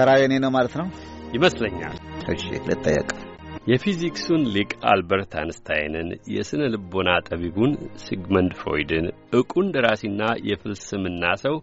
ተራ የኔ ነው ማለት ነው ይመስለኛል። እሺ ልጠየቅ። የፊዚክሱን ሊቅ አልበርት አንስታይንን፣ የሥነ ልቦና ጠቢቡን ሲግመንድ ፍሮይድን፣ ዕቁን ደራሲና የፍልስምና ሰው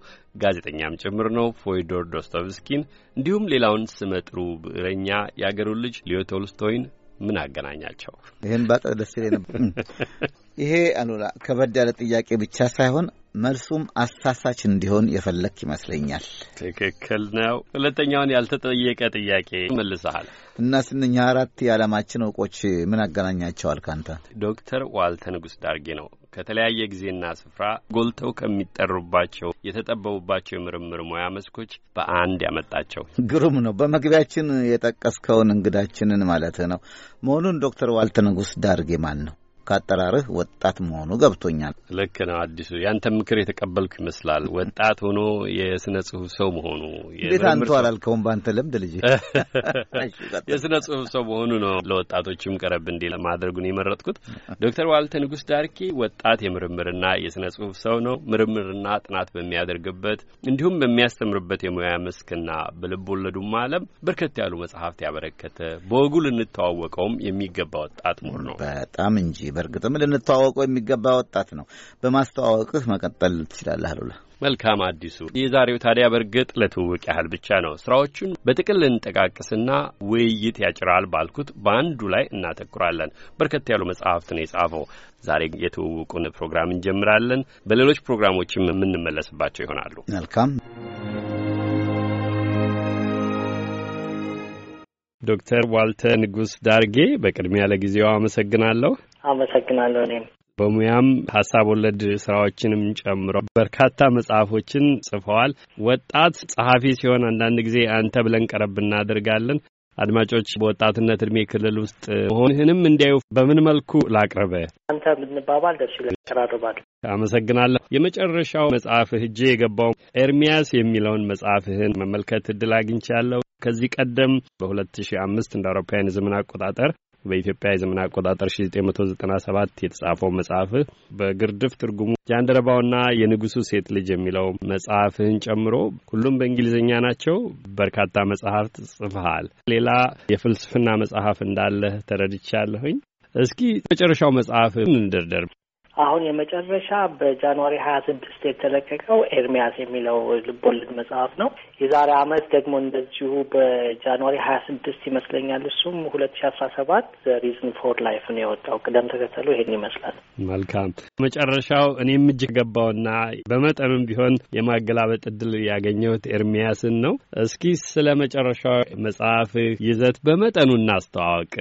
ጋዜጠኛም ጭምር ነው ፎይዶር ዶስቶቭስኪን፣ እንዲሁም ሌላውን ስመጥሩ ብዕረኛ የአገሩን ልጅ ሊዮ ቶልስቶይን ምን አገናኛቸው? ይህን ባጠ ደስ ይለኝ ነበር። ይሄ አሉላ ከበድ ያለ ጥያቄ ብቻ ሳይሆን መልሱም አሳሳች እንዲሆን የፈለክ ይመስለኛል። ትክክል ነው። ሁለተኛውን ያልተጠየቀ ጥያቄ መልሰሃል እና ስንኛ አራት የዓለማችን እውቆች ምን አገናኛቸዋል? ካንተ ዶክተር ዋልተ ንጉሥ ዳርጌ ነው ከተለያየ ጊዜና ስፍራ ጎልተው ከሚጠሩባቸው የተጠበቡባቸው የምርምር ሙያ መስኮች በአንድ ያመጣቸው ግሩም ነው። በመግቢያችን የጠቀስከውን እንግዳችንን ማለት ነው መሆኑን ዶክተር ዋልተ ንጉስ ዳርጌ ማን ነው? ከአጠራርህ ወጣት መሆኑ ገብቶኛል። ልክ ነው አዲሱ፣ ያንተ ምክር የተቀበልኩ ይመስላል። ወጣት ሆኖ የስነ ጽሁፍ ሰው መሆኑ እንዴት አንቱ አላልከውም? በአንተ ልምድ ልጅ የስነ ጽሁፍ ሰው መሆኑ ነው ለወጣቶችም ቀረብ እንዲ ለማድረጉን የመረጥኩት። ዶክተር ዋልተ ንጉስ ዳርኪ ወጣት የምርምርና የስነ ጽሁፍ ሰው ነው። ምርምርና ጥናት በሚያደርግበት እንዲሁም በሚያስተምርበት የሙያ መስክና በልብ ወለዱም አለም በርከት ያሉ መጽሐፍት ያበረከተ በወጉ ልንተዋወቀውም የሚገባ ወጣት ምሁር ነው። በጣም እንጂ በእርግጥም ልንተዋወቀው የሚገባ ወጣት ነው። በማስተዋወቅህ መቀጠል ትችላለህ አሉላ። መልካም አዲሱ፣ የዛሬው ታዲያ በእርግጥ ለትውውቅ ያህል ብቻ ነው። ስራዎቹን በጥቅል ልንጠቃቅስና ውይይት ያጭራል ባልኩት በአንዱ ላይ እናተኩራለን። በርከት ያሉ መጽሐፍት ነው የጻፈው። ዛሬ የትውውቁን ፕሮግራም እንጀምራለን። በሌሎች ፕሮግራሞችም የምንመለስባቸው ይሆናሉ። መልካም ዶክተር ዋልተ ንጉስ ዳርጌ በቅድሚያ ለጊዜው አመሰግናለሁ። አመሰግናለሁ እኔም በሙያም ሀሳብ ወለድ ስራዎችንም ጨምሮ በርካታ መጽሐፎችን ጽፈዋል። ወጣት ጸሐፊ ሲሆን አንዳንድ ጊዜ አንተ ብለን ቀረብ እናደርጋለን። አድማጮች በወጣትነት እድሜ ክልል ውስጥ መሆንህንም እንዲያዩ በምን መልኩ ላቅርበ? አንተ ምንባባል ደስ ይላል። አመሰግናለሁ። የመጨረሻው መጽሐፍህ እጄ የገባው ኤርሚያስ የሚለውን መጽሐፍህን መመልከት እድል አግኝቻለሁ። ከዚህ ቀደም በ2005 እንደ አውሮፓውያን የዘመን አቆጣጠር በኢትዮጵያ የዘመን አቆጣጠር 1997 የተጻፈው መጽሐፍ በግርድፍ ትርጉሙ ጃንደረባውና የንጉሱ ሴት ልጅ የሚለው መጽሐፍህን ጨምሮ ሁሉም በእንግሊዝኛ ናቸው። በርካታ መጽሐፍት ጽፈሃል። ሌላ የፍልስፍና መጽሐፍ እንዳለህ ተረድቻለሁኝ። እስኪ መጨረሻው መጽሐፍ እንደርደር። አሁን የመጨረሻ በጃንዋሪ ሀያ ስድስት የተለቀቀው ኤርሚያስ የሚለው ልቦለድ መጽሐፍ ነው። የዛሬ አመት ደግሞ እንደዚሁ በጃንዋሪ ሀያ ስድስት ይመስለኛል እሱም ሁለት ሺ አስራ ሰባት ሪዝን ፎር ላይፍ ነው የወጣው። ቅደም ተከተሉ ይሄን ይመስላል። መልካም መጨረሻው እኔም እጅ ገባውና በመጠንም ቢሆን የማገላበጥ እድል ያገኘሁት ኤርሚያስን ነው። እስኪ ስለ መጨረሻው መጽሐፍ ይዘት በመጠኑ እናስተዋወቅ።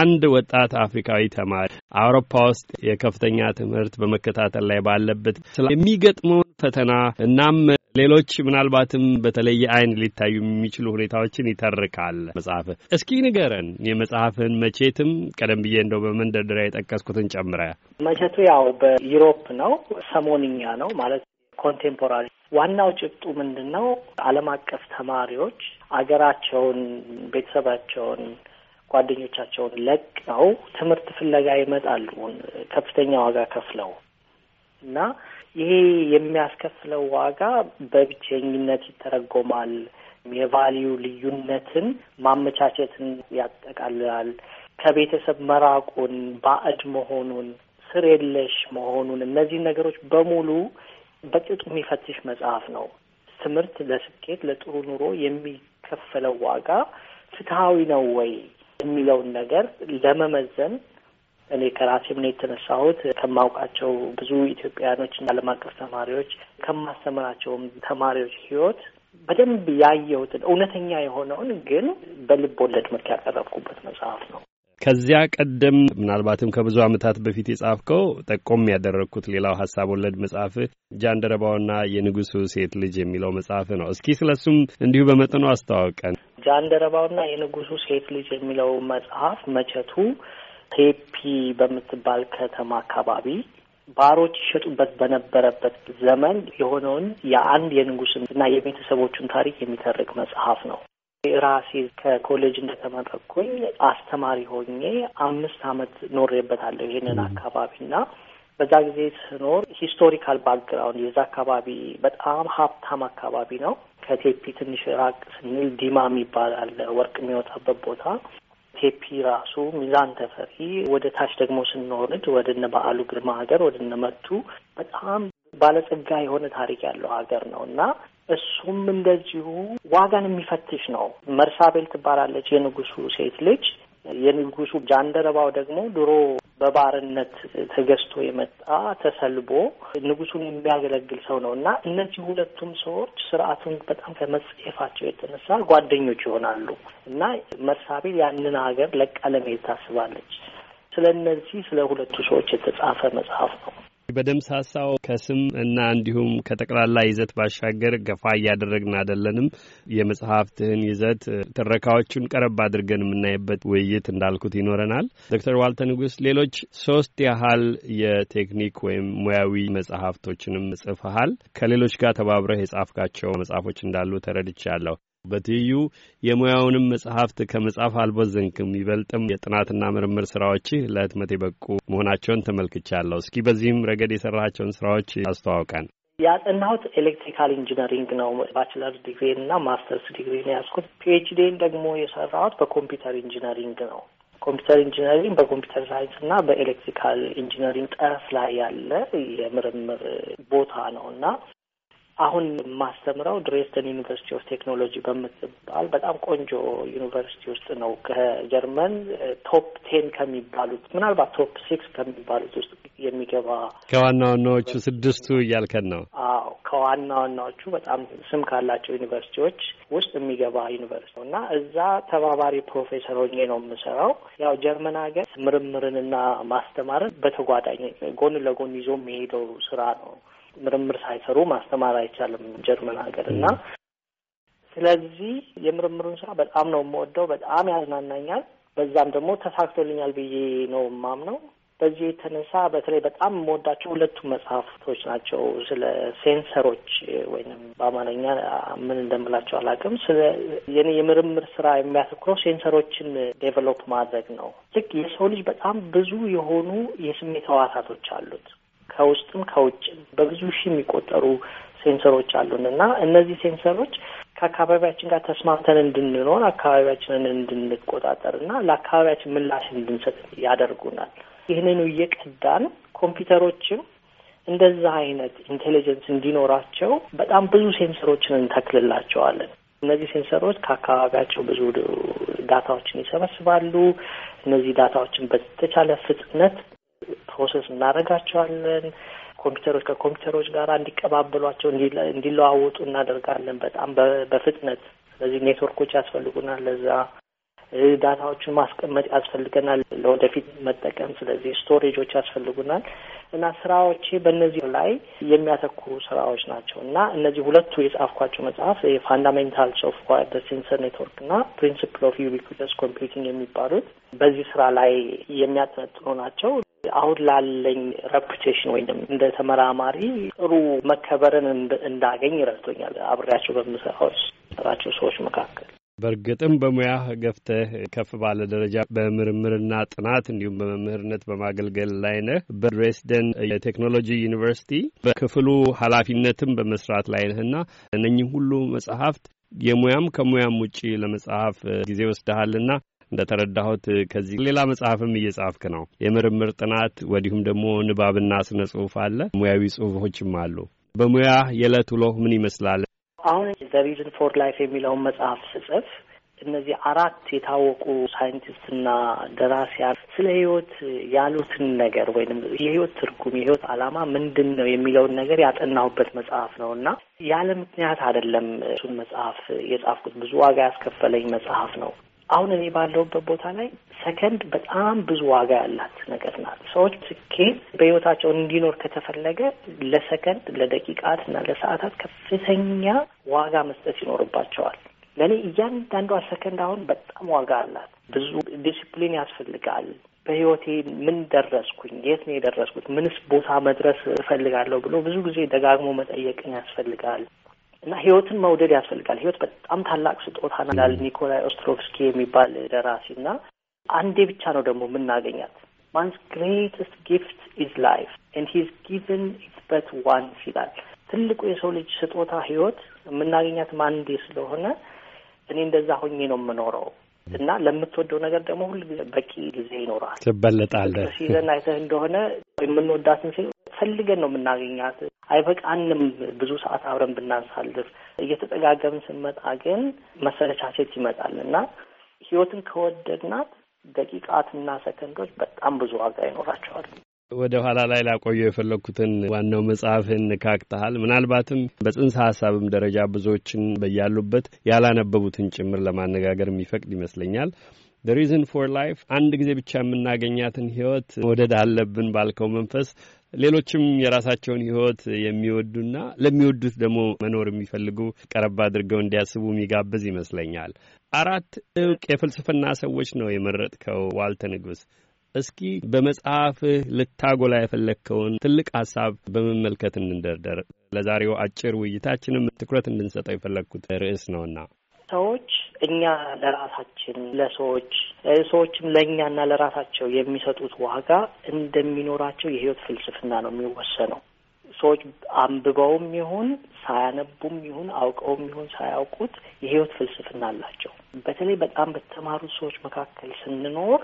አንድ ወጣት አፍሪካዊ ተማሪ አውሮፓ ውስጥ የከፍተኛ ትምህርት በመከታተል ላይ ባለበት የሚገጥመውን ፈተና እናም ሌሎች ምናልባትም በተለየ አይን ሊታዩ የሚችሉ ሁኔታዎችን ይተርካል መጽሐፍ። እስኪ ንገረን የመጽሐፍን መቼትም ቀደም ብዬ እንደው በመንደርደሪያ የጠቀስኩትን ጨምረ። መቼቱ ያው በዩሮፕ ነው፣ ሰሞንኛ ነው ማለት ኮንቴምፖራሪ። ዋናው ጭብጡ ምንድን ነው? ዓለም አቀፍ ተማሪዎች አገራቸውን ቤተሰባቸውን ጓደኞቻቸውን ለቀው ትምህርት ፍለጋ ይመጣሉ ከፍተኛ ዋጋ ከፍለው እና ይሄ የሚያስከፍለው ዋጋ በብቸኝነት ይተረጎማል። የቫልዩ ልዩነትን ማመቻቸትን ያጠቃልላል። ከቤተሰብ መራቁን፣ ባዕድ መሆኑን፣ ስር የለሽ መሆኑን እነዚህ ነገሮች በሙሉ በቅጡ የሚፈትሽ መጽሐፍ ነው። ትምህርት ለስኬት ለጥሩ ኑሮ የሚከፈለው ዋጋ ፍትሐዊ ነው ወይ? የሚለውን ነገር ለመመዘን እኔ ከራሴ ምን የተነሳሁት። ከማውቃቸው ብዙ ኢትዮጵያውያኖች እና ዓለም አቀፍ ተማሪዎች ከማስተምራቸውም ተማሪዎች ህይወት በደንብ ያየሁትን እውነተኛ የሆነውን ግን በልብ ወለድ መልክ ያቀረብኩበት መጽሐፍ ነው። ከዚያ ቀደም ምናልባትም ከብዙ ዓመታት በፊት የጻፍከው ጠቆም ያደረግኩት ሌላው ሀሳብ ወለድ መጽሐፍ ጃንደረባውና የንጉሱ ሴት ልጅ የሚለው መጽሐፍ ነው። እስኪ ስለሱም እንዲሁ በመጠኑ አስተዋውቀን። ጃንደረባውና የንጉሱ ሴት ልጅ የሚለው መጽሐፍ መቼቱ ቴፒ በምትባል ከተማ አካባቢ ባሮች ይሸጡበት በነበረበት ዘመን የሆነውን የአንድ የንጉስን እና የቤተሰቦቹን ታሪክ የሚተርክ መጽሐፍ ነው። ራሴ ከኮሌጅ እንደተመረኩኝ አስተማሪ ሆኜ አምስት ዓመት ኖሬበታለሁ ይህንን አካባቢና በዛ ጊዜ ስኖር ሂስቶሪካል ባክግራውንድ የዛ አካባቢ በጣም ሀብታም አካባቢ ነው። ከቴፒ ትንሽ ራቅ ስንል ዲማ የሚባል አለ ወርቅ የሚወጣበት ቦታ ቴፒ ራሱ ሚዛን ተፈሪ ወደ ታች ደግሞ ስንወርድ ወደ እነ በዓሉ ግርማ ሀገር ወደ እነ መቱ በጣም ባለጸጋ የሆነ ታሪክ ያለው ሀገር ነው እና እሱም እንደዚሁ ዋጋን የሚፈትሽ ነው። መርሳቤል ትባላለች የንጉሱ ሴት ልጅ። የንጉሱ ጃንደረባው ደግሞ ድሮ በባርነት ተገዝቶ የመጣ ተሰልቦ ንጉሱን የሚያገለግል ሰው ነው እና እነዚህ ሁለቱም ሰዎች ስርዓቱን በጣም ከመጽሔፋቸው የተነሳ ጓደኞች ይሆናሉ እና መርሳቤል ያንን ሀገር ለቃ ለመሄድ ታስባለች። ስለ እነዚህ ስለ ሁለቱ ሰዎች የተጻፈ መጽሐፍ ነው። በደምሳሳው ከስም እና እንዲሁም ከጠቅላላ ይዘት ባሻገር ገፋ እያደረግን አይደለንም። የመጽሐፍትህን ይዘት ትረካዎቹን ቀረብ አድርገን የምናይበት ውይይት እንዳልኩት ይኖረናል። ዶክተር ዋልተ ንጉስ፣ ሌሎች ሶስት ያህል የቴክኒክ ወይም ሙያዊ መጽሐፍቶችንም ጽፈሃል። ከሌሎች ጋር ተባብረህ የጻፍካቸው መጽሐፎች እንዳሉ ተረድቻለሁ። በትይዩ የሙያውንም መጽሐፍት ከመጻፍ አልቦዘንክም። ይበልጥም የጥናትና ምርምር ስራዎችህ ለህትመት የበቁ መሆናቸውን ተመልክቻለሁ። እስኪ በዚህም ረገድ የሰራቸውን ስራዎች አስተዋውቀን። ያጠናሁት ኤሌክትሪካል ኢንጂነሪንግ ነው። ባችለር ዲግሪን እና ማስተርስ ዲግሪን ያዝኩት። ፒኤችዲን ደግሞ የሰራሁት በኮምፒውተር ኢንጂነሪንግ ነው። ኮምፒውተር ኢንጂነሪንግ በኮምፒውተር ሳይንስ እና በኤሌክትሪካል ኢንጂነሪንግ ጠረፍ ላይ ያለ የምርምር ቦታ ነው እና አሁን የማስተምረው ድሬስደን ዩኒቨርሲቲ ኦፍ ቴክኖሎጂ በምትባል በጣም ቆንጆ ዩኒቨርሲቲ ውስጥ ነው። ከጀርመን ቶፕ ቴን ከሚባሉት ምናልባት ቶፕ ሲክስ ከሚባሉት ውስጥ የሚገባ ከዋና ዋናዎቹ ስድስቱ እያልከን ነው? አዎ ከዋና ዋናዎቹ በጣም ስም ካላቸው ዩኒቨርሲቲዎች ውስጥ የሚገባ ዩኒቨርሲቲ ነው እና እዛ ተባባሪ ፕሮፌሰር ሆኜ ነው የምሰራው። ያው ጀርመን ሀገር ምርምርንና ማስተማርን በተጓዳኝ ጎን ለጎን ይዞ የሚሄደው ስራ ነው። ምርምር ሳይሰሩ ማስተማር አይቻልም ጀርመን ሀገር እና ስለዚህ የምርምሩን ስራ በጣም ነው የምወደው፣ በጣም ያዝናናኛል። በዛም ደግሞ ተሳክቶልኛል ብዬ ነው የማምነው። በዚህ የተነሳ በተለይ በጣም የምወዳቸው ሁለቱ መጽሐፍቶች ናቸው። ስለ ሴንሰሮች ወይም በአማርኛ ምን እንደምላቸው አላውቅም። ስለ የኔ የምርምር ስራ የሚያተኩረው ሴንሰሮችን ዴቨሎፕ ማድረግ ነው። ልክ የሰው ልጅ በጣም ብዙ የሆኑ የስሜት ህዋሳቶች አሉት። ከውስጥም ከውጭም በብዙ ሺህ የሚቆጠሩ ሴንሰሮች አሉን እና እነዚህ ሴንሰሮች ከአካባቢያችን ጋር ተስማምተን እንድንኖር አካባቢያችንን እንድንቆጣጠር እና ለአካባቢያችን ምላሽ እንድንሰጥ ያደርጉናል። ይህንኑ እየቀዳን ኮምፒውተሮችም እንደዛ አይነት ኢንቴሊጀንስ እንዲኖራቸው በጣም ብዙ ሴንሰሮችን እንተክልላቸዋለን። እነዚህ ሴንሰሮች ከአካባቢያቸው ብዙ ዳታዎችን ይሰበስባሉ። እነዚህ ዳታዎችን በተቻለ ፍጥነት ፕሮሰስ እናደርጋቸዋለን። ኮምፒውተሮች ከኮምፒውተሮች ጋር እንዲቀባበሏቸው እንዲለዋወጡ እናደርጋለን በጣም በፍጥነት። ስለዚህ ኔትወርኮች ያስፈልጉናል ለዛ ዳታዎችን ማስቀመጥ ያስፈልገናል ለወደፊት መጠቀም። ስለዚህ ስቶሬጆች ያስፈልጉናል እና ስራዎቼ በእነዚህ ላይ የሚያተኩሩ ስራዎች ናቸው እና እነዚህ ሁለቱ የጻፍኳቸው መጽሐፍ የፋንዳሜንታልስ ኦፍ ዋይርድ ሴንሰር ኔትወርክ እና ፕሪንስፕል ኦፍ ዩቢኩተስ ኮምፒውቲንግ የሚባሉት በዚህ ስራ ላይ የሚያጠነጥኑ ናቸው። አሁን ላለኝ ረፑቴሽን ወይም እንደ ተመራማሪ ጥሩ መከበርን እንዳገኝ ረድቶኛል። አብሬያቸው በምሰራዎች ራቸው ሰዎች መካከል በእርግጥም በሙያህ ገፍተህ ከፍ ባለ ደረጃ በምርምርና ጥናት እንዲሁም በመምህርነት በማገልገል ላይ ነህ። በድሬስደን የቴክኖሎጂ ዩኒቨርሲቲ በክፍሉ ኃላፊነትም በመስራት ላይ ነህና እነኚህ ሁሉ መጽሐፍት የሙያም ከሙያም ውጪ ለመጽሐፍ ጊዜ ወስደሃልና እንደተረዳሁት ከዚህ ሌላ መጽሐፍም እየጻፍክ ነው። የምርምር ጥናት ወዲሁም ደግሞ ንባብና ስነ ጽሁፍ አለ፣ ሙያዊ ጽሁፎችም አሉ። በሙያ የዕለት ውሎህ ምን ይመስላል? አሁን ዘ ሪዝን ፎር ላይፍ የሚለውን መጽሐፍ ስጽፍ እነዚህ አራት የታወቁ ሳይንቲስትና ደራሲያን ስለ ህይወት ያሉትን ነገር ወይም የህይወት ትርጉም የህይወት አላማ ምንድን ነው የሚለውን ነገር ያጠናሁበት መጽሐፍ ነው እና ያለ ምክንያት አይደለም እሱን መጽሐፍ የጻፍኩት። ብዙ ዋጋ ያስከፈለኝ መጽሐፍ ነው። አሁን እኔ ባለሁበት ቦታ ላይ ሰከንድ በጣም ብዙ ዋጋ ያላት ነገር ናት። ሰዎች ስኬት በህይወታቸው እንዲኖር ከተፈለገ ለሰከንድ፣ ለደቂቃት እና ለሰዓታት ከፍተኛ ዋጋ መስጠት ይኖርባቸዋል። ለእኔ እያንዳንዷ ሰከንድ አሁን በጣም ዋጋ አላት። ብዙ ዲስፕሊን ያስፈልጋል። በህይወቴ ምን ደረስኩኝ? የት ነው የደረስኩት? ምንስ ቦታ መድረስ እፈልጋለሁ ብሎ ብዙ ጊዜ ደጋግሞ መጠየቅን ያስፈልጋል። እና ህይወትን መውደድ ያስፈልጋል። ህይወት በጣም ታላቅ ስጦታ ናል ኒኮላይ ኦስትሮቭስኪ የሚባል ደራሲ እና አንዴ ብቻ ነው ደግሞ የምናገኛት። ማንስ ግሬትስት ጊፍት ኢዝ ላይፍ ኤንድ ሂዝ ጊቨን ኢት በት ዋንስ ይላል። ትልቁ የሰው ልጅ ስጦታ ህይወት የምናገኛትም አንዴ ስለሆነ እኔ እንደዛ ሆኜ ነው የምኖረው እና ለምትወደው ነገር ደግሞ ሁል በቂ ጊዜ ይኖራል። ትበለጣለህ። ሲዘን አይተህ እንደሆነ የምንወዳትን ሴት ፈልገን ነው የምናገኛት። አይበቃንም ብዙ ሰዓት አብረን ብናሳልፍ። እየተጠጋገምን ስንመጣ ግን መሰለቻቸት ይመጣል እና ህይወትን ከወደድናት ደቂቃትና ሰከንዶች በጣም ብዙ ዋጋ ይኖራቸዋል። ወደ ኋላ ላይ ላቆየው የፈለግኩትን ዋናው መጽሐፍን ካክተሃል። ምናልባትም በጽንሰ ሀሳብም ደረጃ ብዙዎችን በያሉበት ያላነበቡትን ጭምር ለማነጋገር የሚፈቅድ ይመስለኛል። ዘ ሪዝን ፎር ላይፍ አንድ ጊዜ ብቻ የምናገኛትን ህይወት መውደድ አለብን ባልከው መንፈስ ሌሎችም የራሳቸውን ህይወት የሚወዱና ለሚወዱት ደግሞ መኖር የሚፈልጉ ቀረብ አድርገው እንዲያስቡ የሚጋብዝ ይመስለኛል። አራት እውቅ የፍልስፍና ሰዎች ነው የመረጥከው ዋልተ ንጉሥ። እስኪ በመጽሐፍህ ልታጎላ የፈለግከውን ትልቅ ሀሳብ በመመልከት እንደርደር። ለዛሬው አጭር ውይይታችንም ትኩረት እንድንሰጠው የፈለግኩት ርዕስ ነውና ሰዎች እኛ ለራሳችን ለሰዎች ሰዎችም ለእኛና ለራሳቸው የሚሰጡት ዋጋ እንደሚኖራቸው የህይወት ፍልስፍና ነው የሚወሰነው። ሰዎች አንብበውም ይሁን ሳያነቡም ይሁን አውቀውም ይሁን ሳያውቁት የህይወት ፍልስፍና አላቸው። በተለይ በጣም በተማሩት ሰዎች መካከል ስንኖር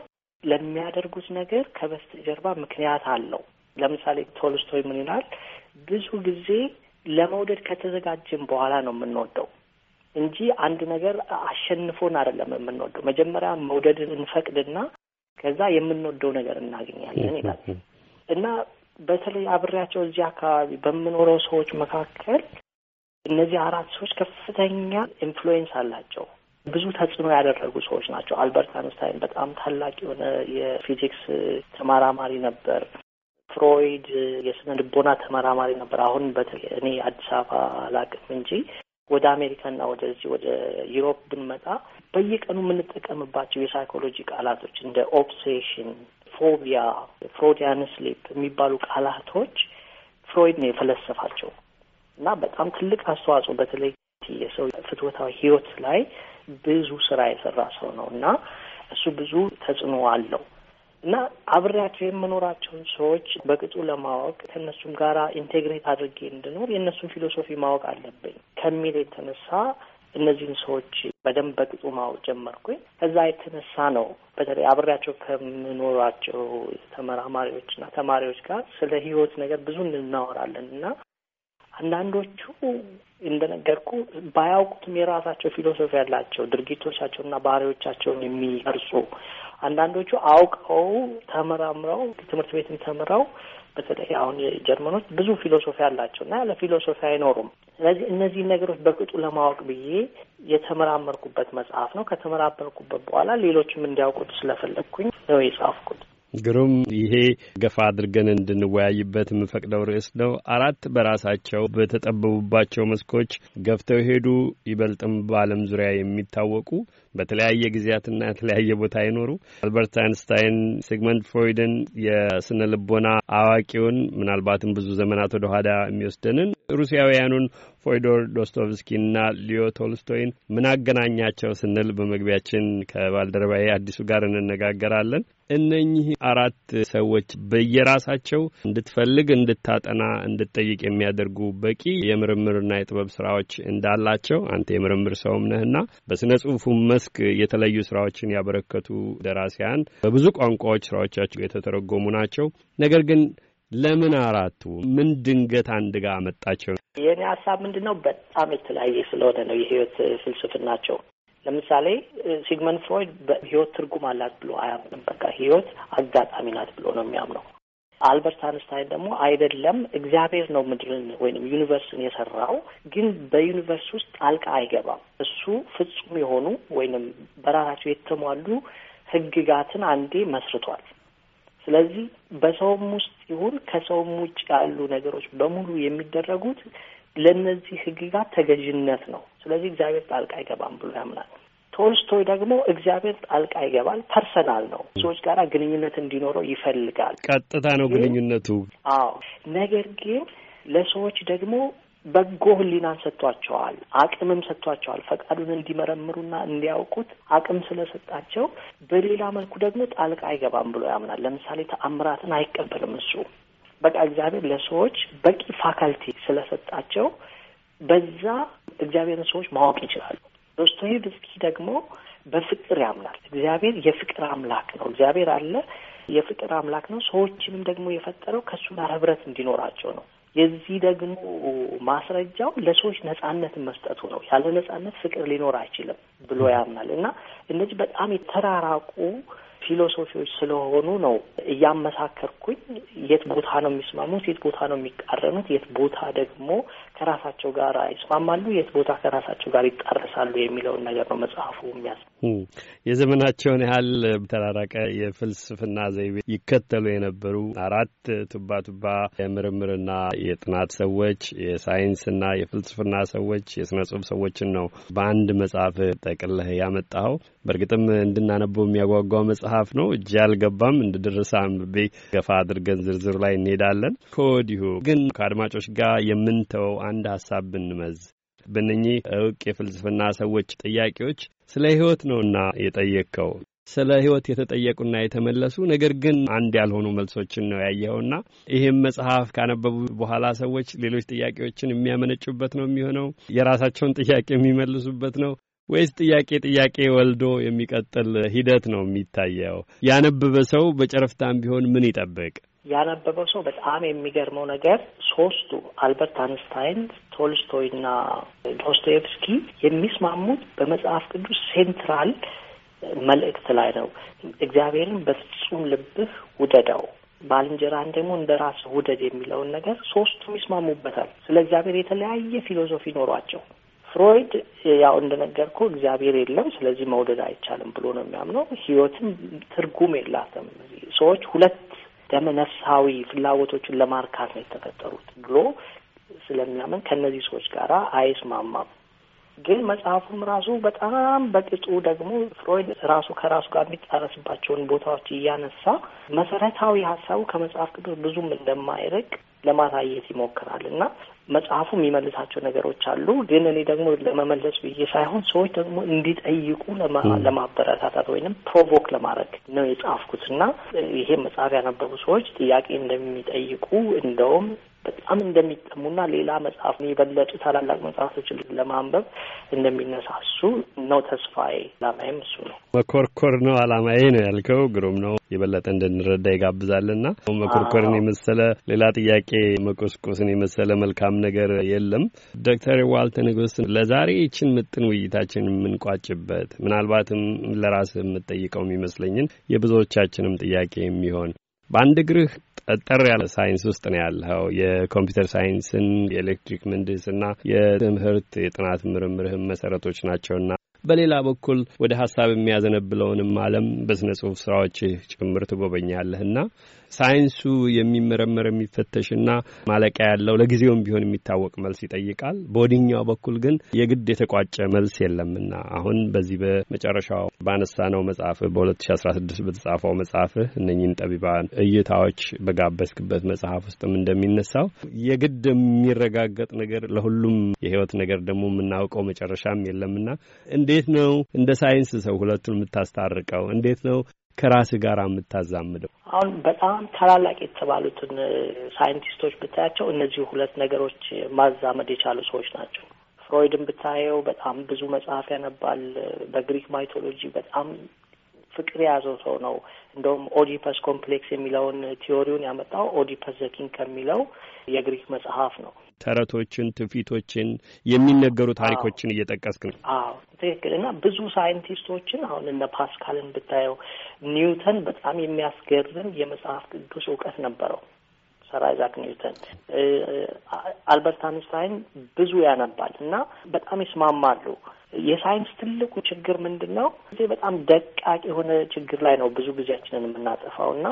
ለሚያደርጉት ነገር ከበስተጀርባ ምክንያት አለው። ለምሳሌ ቶልስቶይ ምን ይላል? ብዙ ጊዜ ለመውደድ ከተዘጋጀን በኋላ ነው የምንወደው እንጂ አንድ ነገር አሸንፎን አይደለም የምንወደው። መጀመሪያ መውደድን እንፈቅድና ከዛ የምንወደው ነገር እናገኛለን ይላል እና በተለይ አብሬያቸው እዚህ አካባቢ በምኖረው ሰዎች መካከል እነዚህ አራት ሰዎች ከፍተኛ ኢንፍሉዌንስ አላቸው። ብዙ ተጽዕኖ ያደረጉ ሰዎች ናቸው። አልበርት አንስታይን በጣም ታላቅ የሆነ የፊዚክስ ተመራማሪ ነበር። ፍሮይድ የስነ ልቦና ተመራማሪ ነበር። አሁን በተለይ እኔ አዲስ አበባ አላቅም እንጂ ወደ አሜሪካና ወደዚህ ወደ ዩሮፕ ብንመጣ በየቀኑ የምንጠቀምባቸው የሳይኮሎጂ ቃላቶች እንደ ኦብሴሽን፣ ፎቢያ፣ ፍሮዲያን ስሊፕ የሚባሉ ቃላቶች ፍሮይድ ነው የፈለሰፋቸው እና በጣም ትልቅ አስተዋጽኦ በተለይ የሰው ፍትወታዊ ህይወት ላይ ብዙ ስራ የሰራ ሰው ነው እና እሱ ብዙ ተጽዕኖ አለው። እና አብሬያቸው የምኖራቸውን ሰዎች በቅጡ ለማወቅ ከእነሱም ጋራ ኢንቴግሬት አድርጌ እንድኖር የእነሱን ፊሎሶፊ ማወቅ አለብኝ ከሚል የተነሳ እነዚህን ሰዎች በደንብ በቅጡ ማወቅ ጀመርኩኝ። ከዛ የተነሳ ነው በተለይ አብሬያቸው ከምኖራቸው ተመራማሪዎችና ተማሪዎች ጋር ስለ ህይወት ነገር ብዙ እንናወራለን እና አንዳንዶቹ እንደነገርኩ ባያውቁትም የራሳቸው ፊሎሶፊ ያላቸው ድርጊቶቻቸውና ባህሪዎቻቸውን የሚቀርጹ አንዳንዶቹ አውቀው ተመራምረው ትምህርት ቤትን ተምረው በተለይ አሁን የጀርመኖች ብዙ ፊሎሶፊ አላቸው እና ያለ ፊሎሶፊ አይኖሩም። ስለዚህ እነዚህ ነገሮች በቅጡ ለማወቅ ብዬ የተመራመርኩበት መጽሐፍ ነው። ከተመራመርኩበት በኋላ ሌሎችም እንዲያውቁት ስለፈለግኩኝ ነው የጻፍኩት። ግሩም፣ ይሄ ገፋ አድርገን እንድንወያይበት የምፈቅደው ርዕስ ነው። አራት በራሳቸው በተጠበቡባቸው መስኮች ገፍተው ሄዱ፣ ይበልጥም በዓለም ዙሪያ የሚታወቁ በተለያየ ጊዜያትና የተለያየ ቦታ አይኖሩ። አልበርት አይንስታይን፣ ሲግመንድ ፍሮይድን የስነ ልቦና አዋቂውን ምናልባትም ብዙ ዘመናት ወደ ኋላ የሚወስደንን ሩሲያውያኑን ፎይዶር ዶስቶቭስኪና ሊዮ ቶልስቶይን ምን አገናኛቸው ስንል በመግቢያችን ከባልደረባዬ አዲሱ ጋር እንነጋገራለን። እነኚህ አራት ሰዎች በየራሳቸው እንድትፈልግ፣ እንድታጠና፣ እንድትጠይቅ የሚያደርጉ በቂ የምርምርና የጥበብ ስራዎች እንዳላቸው አንተ የምርምር ሰውም ነህና በስነ ጽሁፉ መስክ የተለዩ ስራዎችን ያበረከቱ ደራሲያን በብዙ ቋንቋዎች ስራዎቻቸው የተተረጎሙ ናቸው። ነገር ግን ለምን አራቱ ምን ድንገት አንድ ጋር አመጣቸው? የእኔ ሀሳብ ምንድን ነው፣ በጣም የተለያየ ስለሆነ ነው የህይወት ፍልስፍናቸው። ለምሳሌ ሲግመንድ ፍሮይድ በህይወት ትርጉም አላት ብሎ አያምንም። በቃ ህይወት አጋጣሚ ናት ብሎ ነው የሚያምነው። አልበርት አንስታይን ደግሞ አይደለም እግዚአብሔር ነው ምድርን ወይም ዩኒቨርስን የሰራው፣ ግን በዩኒቨርስ ውስጥ ጣልቃ አይገባም። እሱ ፍጹም የሆኑ ወይንም በራሳቸው የተሟሉ ህግጋትን አንዴ መስርቷል። ስለዚህ በሰውም ውስጥ ይሁን ከሰውም ውጭ ያሉ ነገሮች በሙሉ የሚደረጉት ለእነዚህ ህግጋት ተገዥነት ነው። ስለዚህ እግዚአብሔር ጣልቃ አይገባም ብሎ ያምናል። ቶልስቶይ ደግሞ እግዚአብሔር ጣልቃ ይገባል። ፐርሰናል ነው። ሰዎች ጋር ግንኙነት እንዲኖረው ይፈልጋል። ቀጥታ ነው ግንኙነቱ። አዎ። ነገር ግን ለሰዎች ደግሞ በጎ ሕሊናን ሰጥቷቸዋል። አቅምም ሰጥቷቸዋል። ፈቃዱን እንዲመረምሩና እንዲያውቁት አቅም ስለሰጣቸው በሌላ መልኩ ደግሞ ጣልቃ አይገባም ብሎ ያምናል። ለምሳሌ ተአምራትን አይቀበልም እሱ። በቃ እግዚአብሔር ለሰዎች በቂ ፋካልቲ ስለሰጣቸው በዛ እግዚአብሔርን ሰዎች ማወቅ ይችላሉ። ዶስቶዬቭስኪ ደግሞ በፍቅር ያምናል። እግዚአብሔር የፍቅር አምላክ ነው። እግዚአብሔር አለ፣ የፍቅር አምላክ ነው። ሰዎችንም ደግሞ የፈጠረው ከእሱ ጋር ህብረት እንዲኖራቸው ነው። የዚህ ደግሞ ማስረጃው ለሰዎች ነጻነት መስጠቱ ነው። ያለ ነጻነት ፍቅር ሊኖር አይችልም ብሎ ያምናል እና እነዚህ በጣም የተራራቁ ፊሎሶፊዎች ስለሆኑ ነው እያመሳከርኩኝ የት ቦታ ነው የሚስማሙት፣ የት ቦታ ነው የሚቃረኑት፣ የት ቦታ ደግሞ ከራሳቸው ጋር ይስማማሉ፣ የት ቦታ ከራሳቸው ጋር ይጣረሳሉ የሚለውን ነገር ነው መጽሐፉ የሚያስ የዘመናቸውን ያህል በተራራቀ የፍልስፍና ዘይቤ ይከተሉ የነበሩ አራት ቱባ ቱባ የምርምርና የጥናት ሰዎች፣ የሳይንስና የፍልስፍና ሰዎች፣ የስነ ጽሁፍ ሰዎችን ነው በአንድ መጽሐፍ ጠቅልህ ያመጣኸው። በእርግጥም እንድናነበው የሚያጓጓው መጽሐፍ ነው። እጅ ያልገባም እንደ አንብቤ ገፋ አድርገን ዝርዝሩ ላይ እንሄዳለን። ከወዲሁ ግን ከአድማጮች ጋር የምንተወው አንድ ሀሳብ ብንመዝ በእነኚህ እውቅ የፍልስፍና ሰዎች ጥያቄዎች ስለ ህይወት ነውና የጠየቅከው ስለ ህይወት የተጠየቁና የተመለሱ ነገር ግን አንድ ያልሆኑ መልሶችን ነው ያየኸውና ይህም መጽሐፍ ካነበቡ በኋላ ሰዎች ሌሎች ጥያቄዎችን የሚያመነጩበት ነው የሚሆነው፣ የራሳቸውን ጥያቄ የሚመልሱበት ነው ወይስ ጥያቄ ጥያቄ ወልዶ የሚቀጥል ሂደት ነው የሚታየው? ያነበበ ሰው በጨረፍታም ቢሆን ምን ይጠብቅ? ያነበበው ሰው በጣም የሚገርመው ነገር ሶስቱ አልበርት አንስታይን፣ ቶልስቶይ እና ዶስቶኤቭስኪ የሚስማሙት በመጽሐፍ ቅዱስ ሴንትራል መልእክት ላይ ነው። እግዚአብሔርን በፍጹም ልብህ ውደደው ባልንጀራን ደግሞ እንደ ራስህ ውደድ የሚለውን ነገር ሶስቱም ይስማሙበታል። ስለ እግዚአብሔር የተለያየ ፊሎሶፊ ኖሯቸው ፍሮይድ ያው እንደነገርኩ እግዚአብሔር የለም ስለዚህ መውደድ አይቻልም ብሎ ነው የሚያምነው። ህይወትም ትርጉም የላትም። ሰዎች ሁለት ደመ ነፍሳዊ ፍላጎቶችን ለማርካት ነው የተፈጠሩት ብሎ ስለሚያምን ከእነዚህ ሰዎች ጋር አይስማማም። ግን መጽሐፉም ራሱ በጣም በቅጡ ደግሞ ፍሮይድ ራሱ ከራሱ ጋር የሚጣረስባቸውን ቦታዎች እያነሳ መሰረታዊ ሀሳቡ ከመጽሐፍ ቅዱስ ብዙም እንደማይርቅ ለማሳየት ይሞክራል እና መጽሐፉ የሚመልሳቸው ነገሮች አሉ። ግን እኔ ደግሞ ለመመለስ ብዬ ሳይሆን ሰዎች ደግሞ እንዲጠይቁ ለማበረታታት ወይንም ፕሮቮክ ለማድረግ ነው የጻፍኩት እና ይሄ መጽሐፍ ያነበቡ ሰዎች ጥያቄ እንደሚጠይቁ እንደውም በጣም እንደሚጠሙና ሌላ መጽሐፍ የበለጡ ታላላቅ መጽሐፎችን ለማንበብ እንደሚነሳሱ ነው ተስፋዬ። አላማዬም እሱ ነው። መኮርኮር ነው አላማዬ ነው ያልከው ግሩም ነው። የበለጠ እንድንረዳ ይጋብዛልና መኮርኮርን የመሰለ ሌላ ጥያቄ መቆስቆስን የመሰለ መልካም ነገር የለም። ዶክተር ዋልተ ንጉስ ለዛሬ ይችን ምጥን ውይይታችን የምንቋጭበት ምናልባትም ለራስህ የምትጠይቀው የሚመስለኝን የብዙዎቻችንም ጥያቄ የሚሆን በአንድ እግርህ ጠጠር ያለ ሳይንስ ውስጥ ነው ያለው። የኮምፒውተር ሳይንስን የኤሌክትሪክ ምህንድስና የትምህርት የጥናት ምርምርህም መሰረቶች ናቸውና በሌላ በኩል ወደ ሀሳብ የሚያዘነብለውንም ዓለም በስነ ጽሁፍ ስራዎች ጭምር ትጎበኛለህና ሳይንሱ የሚመረመር የሚፈተሽና ማለቂያ ያለው ለጊዜውም ቢሆን የሚታወቅ መልስ ይጠይቃል። በወዲኛው በኩል ግን የግድ የተቋጨ መልስ የለምና አሁን በዚህ በመጨረሻው ባነሳ ነው መጽሐፍ በ2016 በተጻፈው መጽሐፍ እነኝን ጠቢባን እይታዎች በጋበዝክበት መጽሐፍ ውስጥም እንደሚነሳው የግድ የሚረጋገጥ ነገር ለሁሉም የህይወት ነገር ደግሞ የምናውቀው መጨረሻም የለምና እንዴት ነው እንደ ሳይንስ ሰው ሁለቱን የምታስታርቀው? እንዴት ነው ከራስህ ጋር የምታዛምደው? አሁን በጣም ታላላቅ የተባሉትን ሳይንቲስቶች ብታያቸው እነዚህ ሁለት ነገሮች ማዛመድ የቻሉ ሰዎች ናቸው። ፍሮይድን ብታየው በጣም ብዙ መጽሐፍ ያነባል። በግሪክ ማይቶሎጂ በጣም ፍቅር የያዘው ሰው ነው። እንደውም ኦዲፐስ ኮምፕሌክስ የሚለውን ቲዎሪውን ያመጣው ኦዲፐስ ዘኪን ከሚለው የግሪክ መጽሐፍ ነው። ተረቶችን፣ ትውፊቶችን፣ የሚነገሩ ታሪኮችን እየጠቀስክ ነው። አዎ ትክክል። እና ብዙ ሳይንቲስቶችን አሁን እነ ፓስካልን ብታየው፣ ኒውተን በጣም የሚያስገርም የመጽሐፍ ቅዱስ እውቀት ነበረው። ሰር አይዛክ ኒውተን፣ አልበርት አንስታይን ብዙ ያነባል እና በጣም ይስማማሉ። የሳይንስ ትልቁ ችግር ምንድን ነው? እዚህ በጣም ደቃቅ የሆነ ችግር ላይ ነው ብዙ ጊዜያችንን የምናጠፋው እና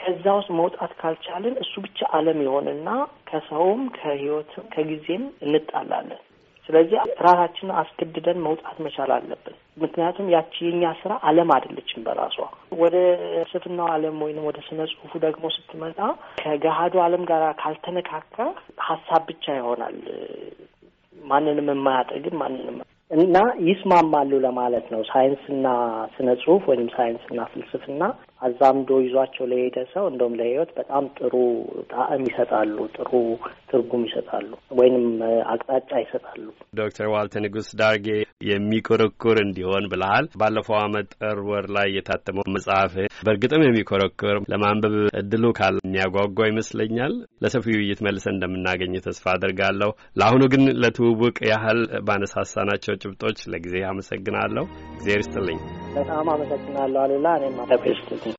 ከዛ ውስጥ መውጣት ካልቻልን እሱ ብቻ ዓለም ይሆንና ከሰውም ከህይወትም ከጊዜም እንጣላለን። ስለዚህ ራሳችንን አስገድደን መውጣት መቻል አለብን። ምክንያቱም ያቺ የኛ ስራ አለም አይደለችም በራሷ። ወደ ስፍናው አለም ወይም ወደ ስነ ጽሁፉ ደግሞ ስትመጣ ከገሃዱ አለም ጋር ካልተነካካ ሀሳብ ብቻ ይሆናል። ማንንም የማያጠግም ማንንም እና ይስማማሉ ለማለት ነው። ሳይንስና ስነ ጽሁፍ ወይም ሳይንስና ፍልስፍና አዛምዶ ይዟቸው ለሄደ ሰው እንደውም ለህይወት በጣም ጥሩ ጣዕም ይሰጣሉ፣ ጥሩ ትርጉም ይሰጣሉ፣ ወይንም አቅጣጫ ይሰጣሉ። ዶክተር ዋልተ ንጉስ ዳርጌ የሚኮረኩር እንዲሆን ብልሃል። ባለፈው አመት ጥር ወር ላይ የታተመው መጽሐፍ በእርግጥም የሚኮረኩር ለማንበብ እድሉ የሚያጓጓ ይመስለኛል። ለሰፊ ውይይት መልሰ እንደምናገኝ ተስፋ አድርጋለሁ። ለአሁኑ ግን ለትውውቅ ያህል ባነሳሳናቸው ጭብጦች ለጊዜ አመሰግናለሁ። እግዜር ይስጥልኝ። በጣም አመሰግናለሁ አሉላ። እኔም አመሰግናለሁ።